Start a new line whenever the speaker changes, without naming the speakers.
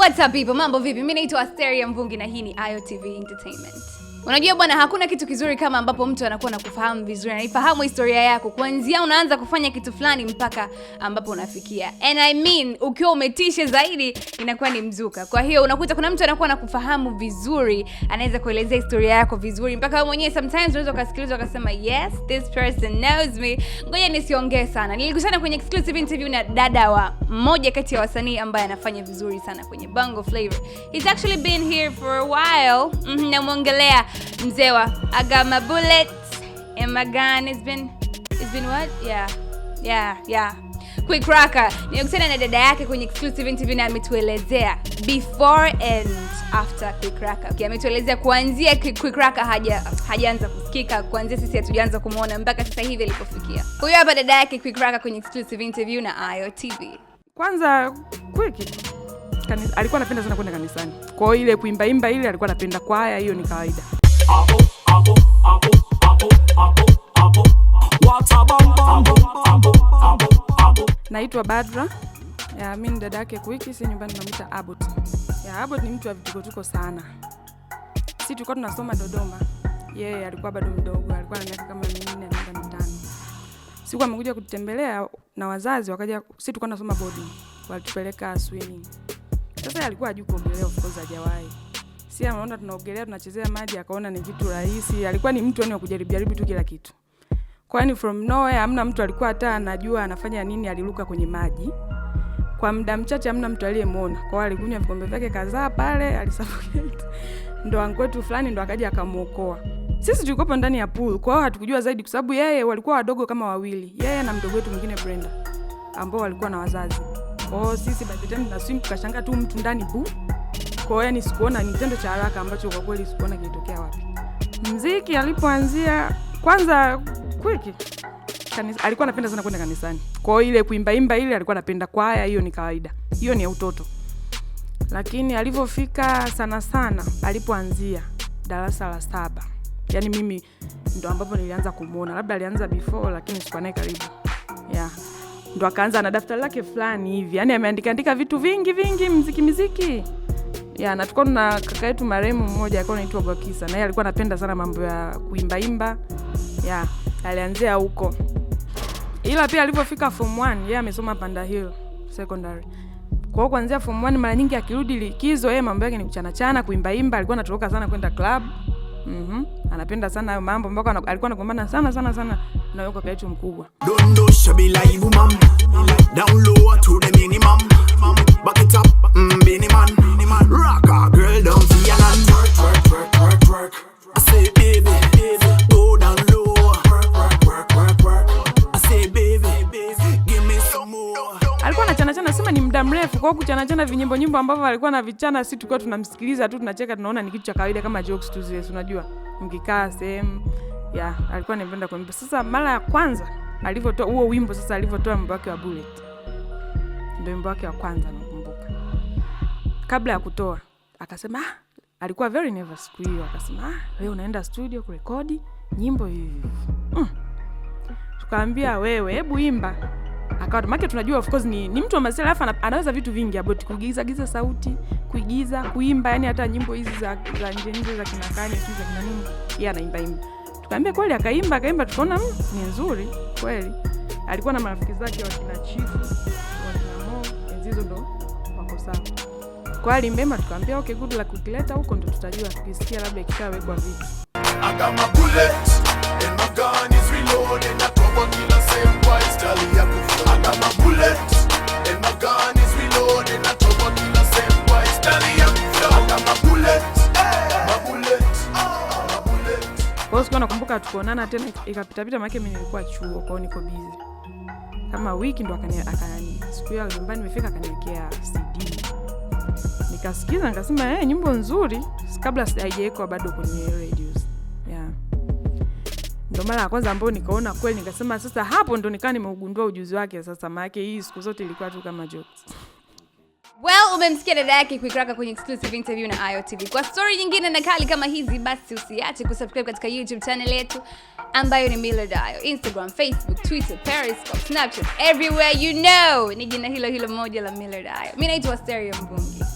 What's up people, mambo vipi? Mimi naitwa Asteria Mvungi na hii ni iotv Entertainment. Unajua bwana, hakuna kitu kizuri kama ambapo mtu anakuwa nakufahamu vizuri, anaifahamu historia yako kuanzia unaanza kufanya kitu fulani mpaka ambapo unafikia. And I mean, ukiwa umetisha zaidi inakuwa ni mzuka. Kwa hiyo unakuta kuna mtu anakuwa nakufahamu vizuri, anaweza kuelezea historia yako vizuri mpaka wewe mwenyewe sometimes unaweza ukasikiliza ukasema, yes this person knows me. Ngoja nisiongee sana. Nilikutana kwenye exclusive interview na dada wa mmoja kati ya wasanii ambaye anafanya vizuri sana kwenye Bongo Flava. He's actually been here for a while. Mm -hmm, namwongelea mzewa I got my bullets and my gun it's been it's been what? Yeah. Yeah, yeah. Quick Rocka nimekutana na dada yake kwenye exclusive interview na ametuelezea before and after Quick Rocka. Okay, ametuelezea kuanzia Quick Rocka haja hajaanza kusikika, kuanzia sisi hatujaanza kumuona mpaka sasa hivi alipofikia. Huyo hapa dada yake Quick Rocka kwenye exclusive interview na Ayo TV.
Kwanza Quick alikuwa anapenda sana kwenda kanisani, kwa hiyo ile kuimba imba ile alikuwa anapenda kwaya, hiyo ni kawaida. Naitwa Badra ya, mimi ni dada yake Kuiki, si nyumbani tunamwita Abbot. Ya, Abbot ni mtu wa vitukotuko sana. Sisi tulikuwa tunasoma Dodoma, yeye yeah, alikuwa bado mdogo, alikuwa na miaka kama minne na mitano. Siku amekuja kututembelea na wazazi wakaja, sisi tulikuwa tunasoma boarding, walitupeleka swimming. Sasa alikuwa hajui kuogelea, of course hajawahi jinsia, anaona tunaogelea, tunachezea maji, akaona ni kitu rahisi. Alikuwa ni mtu yani wa kujaribu jaribu tu kila kitu. Kwa hiyo from nowhere hamna mtu alikuwa hata anajua anafanya nini, aliruka kwenye maji. Kwa muda mchache hamna mtu aliyemwona. Kwa hiyo alikunywa vikombe vyake kadhaa pale, alisufocate. Ndo ankwetu fulani ndo akaja akamuokoa. Sisi tulikuwa ndani ya pool, kwa hiyo hatukujua zaidi kwa sababu yeye walikuwa wadogo kama wawili. Yeye na mdogo wetu mwingine Brenda ambao walikuwa na wazazi. Kwa hiyo sisi by the time tunaswim tukashangaa tu mtu ndani pool. Kwa hiyo yani sikuona ni kitendo cha haraka ambacho kwa kweli sikuona kilitokea wapi. Mziki alipoanzia kwanza kwiki Kanisa, alikuwa anapenda sana kwenda kanisani. Kwa hiyo ile kuimba imba ile alikuwa anapenda kwaya, hiyo ni kawaida. Hiyo ni ya utoto. Lakini alivyofika sana sana alipoanzia darasa la saba. yani mimi ndo ambapo nilianza kumuona. Labda alianza before lakini sikuwa naye karibu. Yeah. Ndo akaanza na daftari lake fulani hivi. yani ameandika andika vitu vingi vingi mziki mziki ya na tulikuwa na kaka yetu marehemu mmoja alikuwa anaitwa Gwakisa, na yeye alikuwa anapenda sana mambo ya kuimbaimba ya alianzia huko, ila pia alipofika form 1 yeye amesoma Panda Hill Secondary. Kwa hiyo kuanzia form 1 mara nyingi akirudi likizo, yeye mambo yake ni kuchana chana, kuimba imba Alikuwa anatoroka sana kwenda club Mm -hmm. Anapenda sana hayo mambo mpaka alikuwa anagombana sana sana sana na yuko kaka yetu mkubwa. Dondosha bila hivumam. Down download to the minimum. Back it up. mrefu kwa kuchana chana vinyimbo nyimbo ambavyo walikuwa na vichana, sisi tulikuwa tunamsikiliza tu tunacheka, tunaona ni kitu cha kawaida kama jokes tu zile, unajua mkikaa sehemu ya alikuwa anapenda kuimba. Sasa mara ya kwanza alivyotoa huo wimbo sasa, alivyotoa wimbo wake wa Bullet, ndio wimbo wake wa kwanza nakumbuka. Kabla ya kutoa akasema ah, alikuwa very nervous siku hiyo, akasema ah, wewe unaenda studio kurekodi nyimbo hivi mm. Tukaambia wewe, hebu imba mchakato maana tunajua of course ni, ni mtu wa masuala alafu anaweza vitu vingi about kuigiza giza sauti, kuigiza, kuimba yani hata nyimbo hizi za za nje nje za kinakani hizi za kina nini. Yeye anaimba imba. Tukaambia kweli akaimba akaimba tukaona hmm, ni nzuri kweli. Alikuwa na marafiki zake wa kina Chifu, wa kina Mo, hizo ndo wako sawa. Kwa hali mbema tukaambia okay good la kukileta huko ndo tutajua tukisikia labda ikishawekwa vipi Akama bullet sikuwa nakumbuka tukuonana tena, ikapitapita make mi nilikuwa chuo kwao, niko bizi kama wiki, ndo akani siku hiyo nyumbani nimefika, akaniwekea CD nikasikiza, nikasema hey, eh, nyimbo nzuri, kabla haijawekwa bado kwenye radios yeah. Ndo mara ya kwanza ambayo nikaona kweli, nikasema sasa, hapo ndo nikaa nimeugundua ujuzi wake sasa, maake hii siku zote ilikuwa tu kama jokes
Leo umemsikia dada yake Quick kwenye exclusive interview na Ayo TV. Kwa story nyingine na kali kama hizi, basi usiache kusubscribe katika YouTube channel yetu ambayo ni Millard Ayo, Instagram, Facebook, Twitter, Periscope, Snapchat, everywhere you know. Ni jina hilo hilo moja la Millard Ayo. Mimi naitwa Asteria mbungi